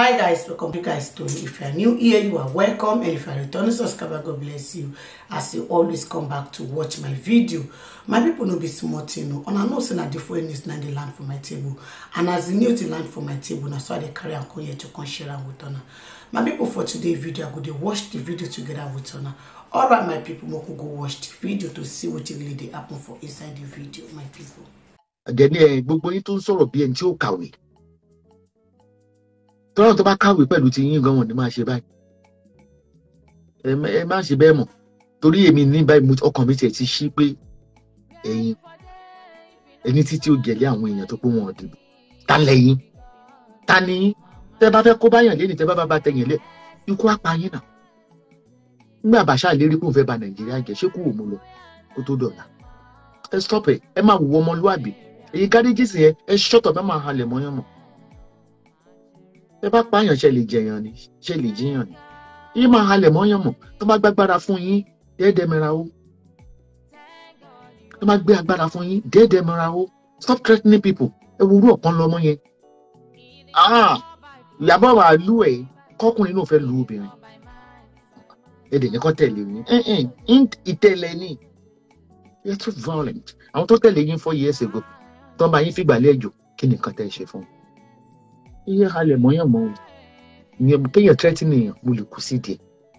hi guys welcome you guys to if you are new here you are welcome and if you are returning subscriber god bless you as you always come back to watch my video my people no be small thing o una know say na the foreign news na land for my table and as the news dey land for my table na so i carry and come here to come share and with una my people for today's video i go dey watch the video together with una alright my people make go watch the video to see what really dey happen for inside the video my people. àdẹ́ni ẹ̀ eh, gbogbo yín tó ń sọ̀rọ̀ bí ẹni tọ́lọ́ tó bá kàwé pẹ̀lú ti yín gan-an ni máa ṣe báyìí ẹ má ṣe bẹ́ẹ̀ mọ̀ torí èmi ní báyìí ọkàn mi tiẹ̀ ti ṣí pé ẹ̀yin ẹni títí ó gẹ̀lẹ́ àwọn èèyàn tó pé wọn ò dìbò ta lẹ́yìn ta ni yín tẹ́ bá fẹ́ kó báyàn lé ní tẹ́ bá bá tẹ̀yìn lé ikú apá yín náà nígbà bàṣà lérí kó n fẹ́ ba nàìjíríà jẹ́ ṣé kú òmu lọ kó tó dọ̀la ẹ stop ẹ ẹ máa wù ọmọlúàbí èyí gáréjì yẹn ẹ ṣọ́tọ̀ fẹ́ máa halẹ̀ mọ́yán mọ́ tẹ bá pààyàn ṣe lè jẹyàn ni ṣe lè jiyàn ni yín máa halẹ̀ mọ́yàn mọ̀ tó bá gbàgbára fún yín déédéé mẹ́ra ó tó bá gbé agbára fún yín déédéé mẹ́ra ó stop threatening people ẹ wo orú ọ̀kan lọ́mọ yẹn ah, ìyàbọ̀ wà lú ẹ̀ kọ́kùnrin náà fẹ́ lu obìnrin èdè yẹn kọ́ tẹ̀lé yín eh, eh, ìtẹ̀lẹ̀ ni you are too violent àwọn tó tẹ̀lé yín four years ago tó ń bá yín fìgbà lẹ́jọ́ kí ni nǹkan tẹ́ ẹ ṣe fún un iye halẹ̀ mọ́yàn mọ́ ìyẹn kéèyàn tẹ́tìnì yẹn mo lè kú sí díẹ̀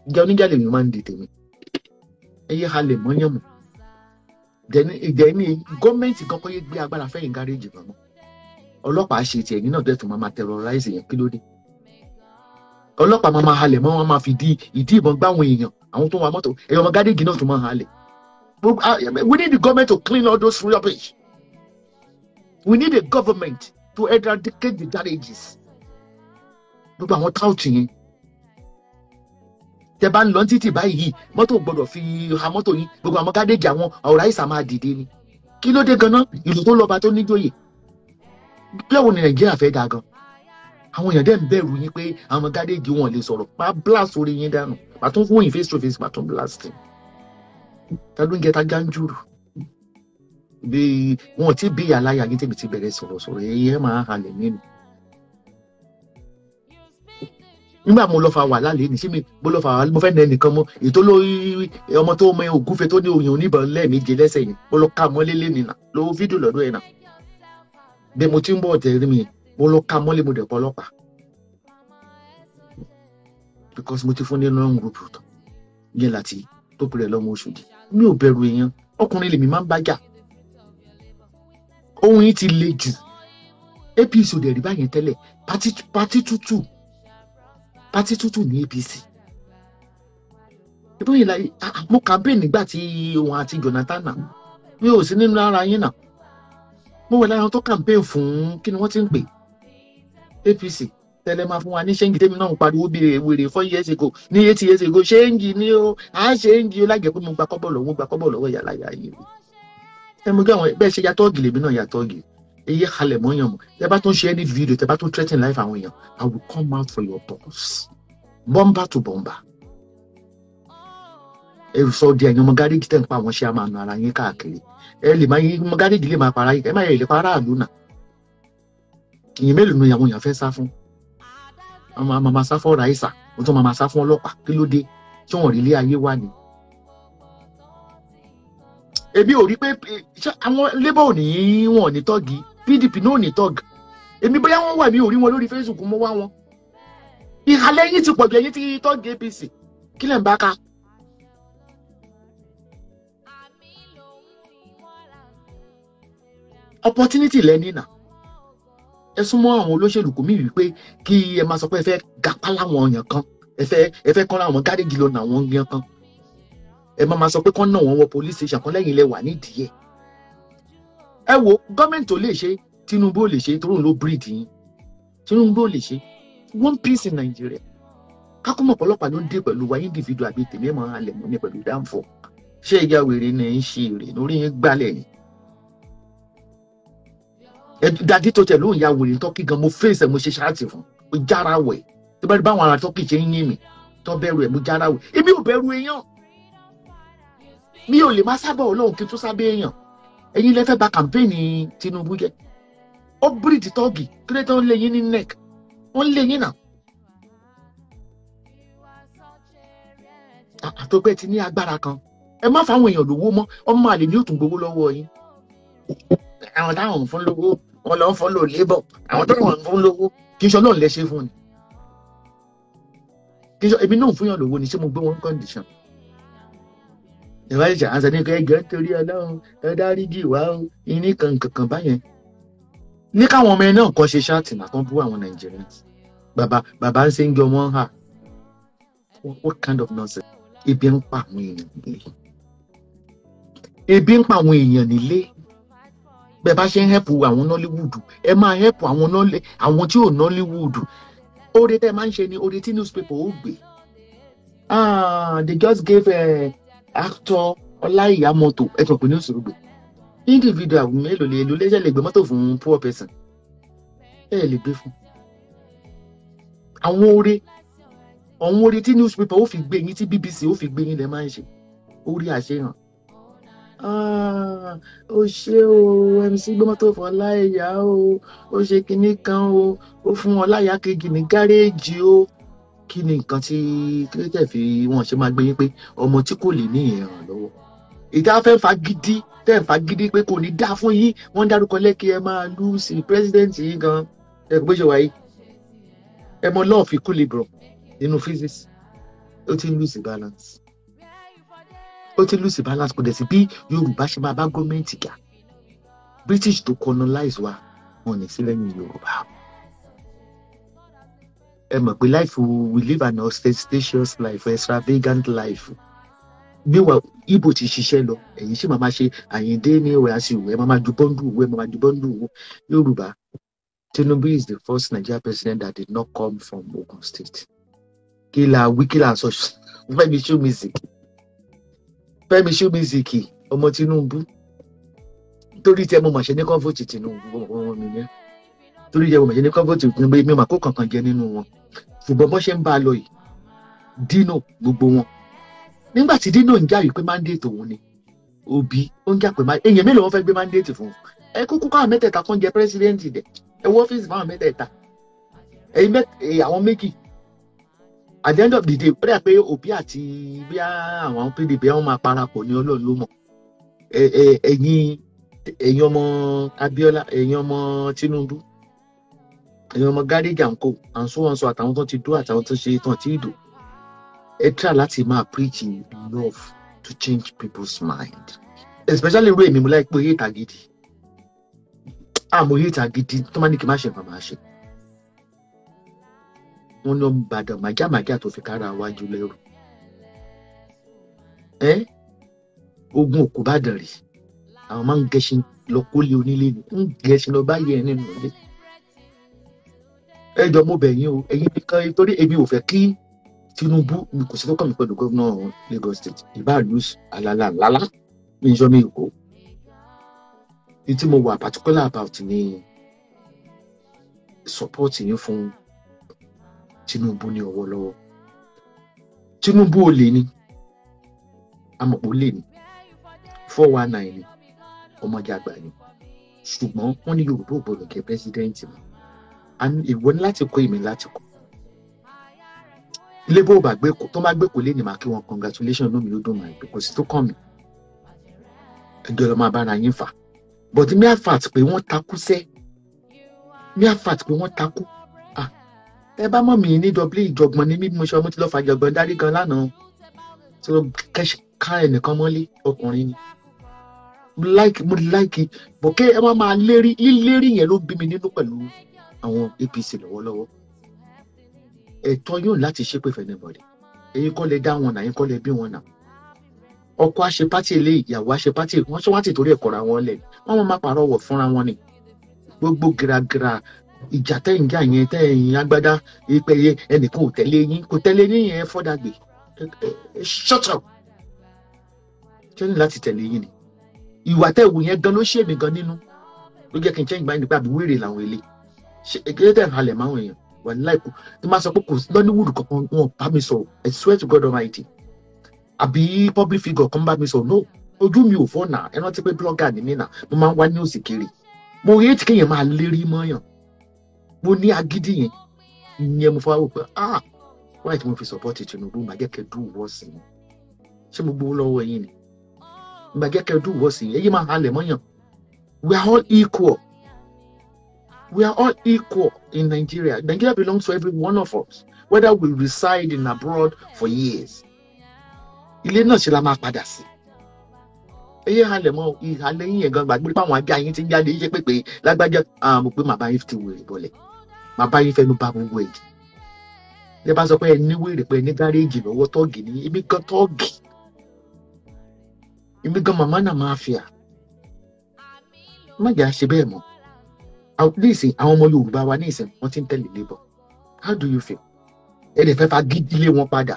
ìjà oníjàlè yẹn máa ń di tèmi iye halẹ̀ mọ́yàn mọ́ ìdẹ́ni gọ́ọ̀mẹ̀ntì kankan yẹ gbé agbára fẹ́yìn gáréèjì kan mọ́ ṣe tiẹ̀ yín náà dẹ̀ máa máa terrorize yẹn kí ló dé ọlọ́pàá máa máa halẹ̀ mọ́ wọn máa fi ìdí ìbọn gbáwọn èèyàn àwọn tó ń wa mọ́tò ọmọ gádẹ́gì náà tún máa halẹ̀ ah, we need the government to clean all those rubbish we need a government to eradicate the damages gbogbo àwọn táùtì yẹn tẹ bá ń lọ títì báyìí mọ́tò gbọ́dọ̀ fi ha mọ́tò yín gbogbo àwọn gádéjì àwọn ọ̀rá ìsà máa dìde ni kí ló dé ganan ìlú tó lọba tó níjòyè lẹ́wọ̀n ní nàìjíríà fẹ́ dáa gan àwọn èèyàn dẹ̀ ń bẹ̀rù yín pé àwọn gádéjì wọn lè sọ̀rọ̀ pa blast orí yín dànù pàtó fún yín face to face pàtó blast ta ló ń jẹ ta gánjúrù bí wọn ò tí bí ìyá aláya yín tèmi ti bẹ̀rẹ̀ sọ̀rọ̀ sọ̀rọ̀ nígbà mo lọ fa wàhálà lé ní sí mi mo lọ fa wàhálà mo fẹ́ nà ẹnìkan mọ èyí tó lórí ọmọ tó mọ ògúnfe tó ní oyin oníbọn lẹ́ẹ̀mejì lẹ́sẹ̀ yìí mo lọ ká mọ́lé lẹ́ni nà lọ́wọ́ fídíò lọ́dún ẹ̀ nà bí mo ti ń bọ̀ tẹ̀rí mi mo lọ ká mọ́lé mo dẹ̀ pọ̀ ọlọ́pàá because mo ti fún ní long group tán yẹn láti tó pèrè lọ́mọ oṣù di mi ò bẹ̀rù èèyàn ọkùnrin lèmi máa ń bá ohun yìí ti le jù APC ò dẹ̀ rí báyẹn tẹ́lẹ̀ pátí tútù pátí tútù ní APC ìbóyè la mo campaign nígbà tí òun àti Jonathan náà mi ò sí nínú ara yín náà mo wẹ̀ lára tó campaign fún kí ni wọ́n ti ń pè APC tẹ́lẹ̀ máa fún wa ní ṣéǹgì tèmi náà ń pariwo bèrè wèrè four years ago ní eight years ago ṣéǹgì ni ó à ń ṣéǹgì ó lájẹ pé mo gba kọ́bọ̀ lọ́wọ́ gba kọ́bọ̀ lọ́wọ́ yàrá yàrá yìí ẹ mo gbé àwọn bẹ́ẹ̀ ṣe yàtọ̀ ọ̀gì lèmi náà yàtọ̀ ọ̀gì ẹ yẹ kalẹ̀ mọ́ yàn mọ́ tẹ bá tún ṣe any video tẹ bá tún threaten life àwọn èèyàn i will come out for your balls bọ́mbà to bọ́mbà ẹ sọ di ẹ̀yin ọmọ gáréjì tẹ̀ ń pa àwọn ṣé a máa nu ara yín káàkiri ẹ lè máa yín ọmọ gáréjì lè máa para yín ẹ má yẹ lè para àlù nà ìyẹn mélòó ni àwọn èèyàn fẹ́ sá fún ọmọ àmọ́ sá fún ọ̀rọ̀ àìsà wọ́n tún sá fún ọlọ́pàá kí tí wọ́n rí ilé ayé wà ní èmi ò rí pé eh, àwọn labour ò ní wọn ò ní tọ́gì pdp náà ò ní tọ́gì èmi bóyá wọ́n wà èmi ò rí wọn lórí facebook mo wá wọn ìhàlẹ̀ yín ti pọ̀jù ẹ̀yìn ti tọ́gì apc kí lẹ̀ ń bá ka. opportunity lẹ́ni náà ẹ súnmọ́ àwọn olóṣèlú kò mí wípé kí ẹ máa sọ pé ẹ fẹ́ gapá láwọn èèyàn kan ẹ fẹ́ ẹ fẹ́ kán láwọn gáréjì lọ nà àwọn èèyàn kan ẹ máa máa sọ pé kán náà wọn wọ police station kan lẹ́yìn ilẹ̀ wà nídìí ẹ̀ ẹ wo gọ́ọ̀mẹ̀ntì ò lè ṣe Tinubu ò lè ṣe torí òun ló breed yín Tinubu ò lè ṣe one piece in Nigeria kákùmọ̀ ọ̀pọ̀lọpàá ló ń dé pẹ̀lú wa individual àbí tèmi ẹ̀ máa halẹ̀ mọ́ ní pẹ̀lú dáńfọ̀ ṣé ìyá wèrè ni ń ṣe èrè lórí yín gbalẹ̀ ni dadi tó tẹ ló ń ya wèrè tọ́kì gan mo fèsì mo ṣe ṣáàtì fún mo jára wẹ̀ tí bá rí báwọn ará tọ́kì ṣe ń yín mi tọ́ bẹ̀rù ẹ̀ mo jára wẹ̀ èmi ò bẹ̀rù èèyàn mi ò lè má sábà ọlọ́run kí n tún sábẹ́ èèyàn ẹ̀yin lẹ́fẹ́ bà kàmpéènì Tinubu jẹ́ ó bíríìtì tọ́ọ̀gì kílẹ̀ tó ń lé yín ní nec ó ń lé yín náà. àtọ́pẹ́ ti ní agbára kan ẹ má fáwọn èèyàn lówó mọ́ ọmọ àlè ní òtún gbowó lọ́wọ́ yín àwọn táwọn ń fún lówó wọn lọ ń fún lò lébọ̀ àwọn táwọn ń fún lówó kì í ṣe ọlọ́run lẹ́ṣẹ́ fún ni kì í ṣe èmi náà fún yàn lówó ni ṣé mo gbé wọn condition ìwádìí ṣàǹsà ní kẹjọ torí Ọlọ́run ẹ dáríjì wá o iní kan kankan báyẹn ní káwọn ọmọ ẹ náà kọ́ ṣe ṣáàtì náà kán bú àwọn Nigerians bàbá bàbá ń ṣe ń jọ wọn hà what kind of nonsense ebi ń pa àwọn èèyàn nílé ebi ń pa àwọn èèyàn nílé bẹ́ẹ̀ bá ṣe ń hẹ́pù àwọn Nollywood ẹ máa hẹ́pù àwọn àwọn tí ò Nollywood oore tẹ́ máa ń ṣe ni oore tí newspaper ó gbé ah they just gave. Uh, eh, actor ọláìyá mọ́tò ẹ̀fọn kò ní òṣòro gbé individual mélòó lè lo lẹ́sẹ̀ lè gbé mọ́tò fún poor person ẹ̀ lè gbé fún àwọn oore àwọn oore tí newspaper ó fi gbé yín tí BBC ó fi gbé yín lẹ máa ń ṣe orí àṣehàn ah, ó ṣe o MC gbọmọtò fọláìyá o ó ṣe kinní kan o ó fún ọláyà kejì ní gáréèjì o kí ni nǹkan tí kílẹ̀tẹ̀ fi wọ́n ṣe máa gbé yín pé ọmọ tí kò lè ní ìrànlọ́wọ́ ìta fẹ́ fa gidi tẹ́ fa gidi pé kò ní dá fún yín wọ́n dárúkọ lẹ́kì ẹ máa lù sí president yìí gan ẹ bó ṣe wà yìí ẹ mọ lọ́ọ̀fì kúlìbrọ̀ nínú physics ó ti ń lùsì balance ó ti ń lùsì balance kò dẹ̀ sí bí Yorùbá ṣe máa bá gọ́ọ̀mẹ̀ntì jà British to colonize wa wọn ní sílẹ̀ ní Yorùbá o ẹ mọ̀ pé life we live an ostentatious life extravagant life gbéwà ibo ti ṣiṣẹ́ lọ ẹ̀yin sì máa ma ṣe àyíndé ní ìwé àṣìwé máa ma ju bọ́ńdù ìwé máa ma ju bọ́ńdù ìwé yorùbá tinubu is the first nigerian president that did not come from ogun state kí la wí kí la sọ fẹ́mi ṣómizìk fẹ́mi ṣómizìk ọmọ tinubu torí tí ẹ mọ màṣẹ ní kọ́ńfọ̀tì tinubu ọmọ mi yẹn torí ìyẹ̀wò mẹ̀jẹ̀ ní kọ́ńgò tí ò ní mímọ̀ kó kankan jẹ nínú wọn ṣùgbọ́n bọ́n ṣe ń bá a lọ yìí dino gbogbo wọn nígbà tí dino ń jáwèé pé mandate òun ni Obi ó ń jà pé èèyàn mélòó wọn fẹ́ gbé mandate fún un ẹ kúkú káwọn mẹ́tẹ̀ẹ̀ta kan jẹ president dẹ̀ ẹ wọ ọ́fíìsì fáwọn mẹ́tẹ̀ẹ̀ta ẹ̀yin mẹ́tẹ̀ẹ̀ àwọn méjì at the end of the day ó dà pé Obi àti bí àwọn PDP wọn máa parapọ̀ ní Ọlọ́run ló mọ̀ ẹ̀yin ẹ̀yin ọmọ Abiola ẹ̀yin ọmọ Tinubu èèyàn ọmọ gáréèjì àǹkó àǹsóhànso àtàwọn tó ti dó àtàwọn tó ṣe tán tí ìdò ẹ tíra láti máa preach love to change people's mind especially irú èmi mo láì pé hate agidi àmọ́ ah, hate agidi tó máa ní kí n má ṣe nǹkan máa ṣe wọn ní ọmọ ìbàdàn màjàmájà tó fi kára wájú lẹ́rù ẹ ogun òkú bàdàn rè àwọn máa ń gẹṣin lọ kólé onílé ń gẹṣin lọ bá yẹ ẹ nínú ilé ẹ jọ mo bẹ̀ yín o ẹ̀yin nìkan torí èmi ò fẹ́ kí Tinubu mi kò sí tó kàn mí pẹ̀lú gómìnà Lagos State ìbá lose alala ńláńlá mi ń yọ mí ìkó ní tí mo wà particular about ni support yín fún Tinubu ní ọwọ́ lọ́wọ́ Tinubu ò lè ní amọ̀pọ̀ lè ní four one nine ni ọmọdé àgbà ni ṣùgbọ́n wọ́n ní Yorùbá ò gbọdọ̀ kẹ́ pẹ́sidẹ́ǹtì mọ́ ìwọ ní láti kó èmi láti kó ilé bó bá gbé tó bá gbé kó lé ní màá kí wọn congratulation lómi ló dùn màá gbé kò sí tó kàn mí ẹjọ lọ máa bára yín fà but mere fact pé wọ́n takú sẹ mere fact pé wọ́n takú ah ẹ bá mọ̀ mí ní double ìjọ̀gbọ̀n ní mímú ṣe ọmọ tí lọ́ọ́ fàjọ̀gbọ̀n dárí gan lánàá tó kẹ́sì ká ẹnìkan mọ́lé ọkùnrin ni mo like mo like bọ̀kẹ́ ẹ má máa lérí lílérí yẹn ló bí mi nínú pẹ̀lú àwọn APC lọ́wọ́lọ́wọ́ ẹ̀tọ́ yóò láti ṣépè fẹ́ níbọ̀dẹ̀ ẹ̀yin kọ́ lẹ dá wọn náà ẹ̀yin kọ́ lẹ bí wọn náà ọkọ àṣẹ pátì ilé ìyàwó àṣẹ pátì wọn tún wá ti torí ẹ̀kọ́ra wọn lẹ̀ wọ́n máa pààrọ̀ wọ̀ fúnra wọn ni gbogbo gíragíra ìjà tẹ̀yìn jà yẹn tẹ̀yìn agbádá ìpẹ̀yẹ ẹnìkan ò tẹ̀lé yín kò tẹ̀lé yín yẹn fọ́dàgbé shut up ṣé ní láti tẹ̀lé yín ni ìwà tẹ̀wù yẹn gan ló ṣèmí gan nínú ló jẹ́ kí n change mind nípa àbí wèrè làwọn eléyìí èkéyé tẹ̀ ń halẹ̀ máa ń yẹn wà ní láìpẹ́ tí máa sọ pé kò sí I swear to God Almighty a àbí public figure come back mi so no ojú mi ò fọ́ nà ẹ rántí pé blogger ni mí nà My máa ń wá news kiri mo rí ètí kéèyàn máa lérí mọ́yàn mo ní agídí yẹn ìyẹn mo ah why tí mo fi support Tinubu màá jẹ́ kẹ́ get wọ́ do i ṣé mo gbowó lọ́wọ́ yín ni màá jẹ́ kẹ́ dùn wọ́ sí i èyí máa we are all equal we are all equal in Nigeria. Nigeria belongs to every one of us, whether we reside in abroad for years. Ilé náà ṣe la máa padà sí. Eyé halẹ̀ mọ́ ìhalẹ̀ yín yẹn gan gbàgbé pé àwọn abẹ́ ayé ti ń jáde iṣẹ́ pépè lágbájá àmọ̀ pé màbá yín ti wèrè bọ̀lẹ̀. Màbá yín fẹnu bá gbogbo ẹ̀ jù. Ṣé bá sọ pé ẹni wèrè pé ẹni gáréèjì lọ́wọ́ tọ́ọ̀gì ni ibi kan tọ́ọ̀gì. Ibi gan màmá náà máa fìyà. Má jẹ́ àṣẹ bẹ́ẹ̀ mọ́ nísìn àwọn ọmọ Yorùbá wa ní ìsìn wọn ti ń tẹ̀lé Labour how do you feel ẹnì fẹ́ fa gidile wọn padà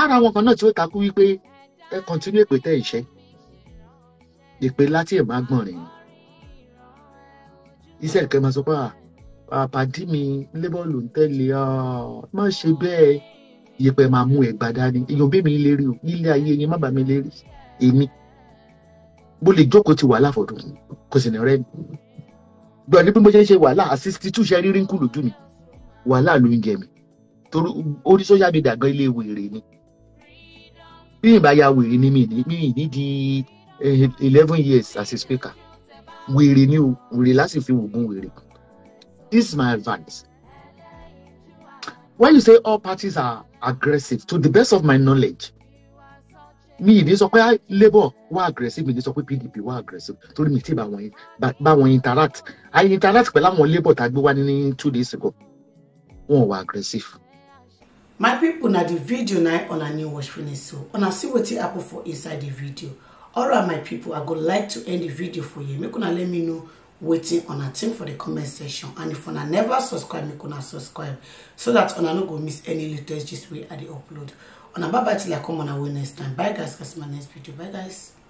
ara wọn kan náà tí ó takú wípé ẹ kọ́ntínú èpè tẹ́ ìṣẹ́ ìpè láti ẹ̀ má gbọ̀n rìn iṣẹ́ ìkẹ́ máa sọ pé ah, àpàdé mi Labour ló ń tẹ̀lé ah, má ṣe bẹ́ẹ̀ yẹpẹ máa mú ẹgbà dání èèyàn bí mi lérí o nílé ayé yẹn má bà mí lérí èmi bó lè jókòó ti wàhálà fọdún kò sì ní rẹ mi gbọ́dọ̀ ní bí mo ṣe ń ṣe wàhálà à sixty two ṣe rírí ń kú lójú mi wàhálà ló ń jẹ mi torí orí social media gan ilé wèrè ni bí ìbá ya wèrè ni mi ní di eh, eleven years as a speaker wèrè ni o wèrè láti fi wògùn wèrè this is my advice when you say all parties are aggressive to the best of my knowledge mi ì ní sọ pé labour wà aggressive mi ì ní sọ pé pdp wà aggressive torí mi ti bá wọn interact i interact pẹ̀lú àwọn labour tá a gbé wá ní two days ago wọn wà aggressive. my pipo na di video na una new watch finish so una see wetin happen for inside di video All right, my pipo i go like to end di video for you. make una let me know wetin una think for di comment section and if una never subscribe make una subscribe so dat una no go miss any latest gist wey i dey upload on a bye bye till I come on our next time. Bye guys, that's my next video. Bye guys.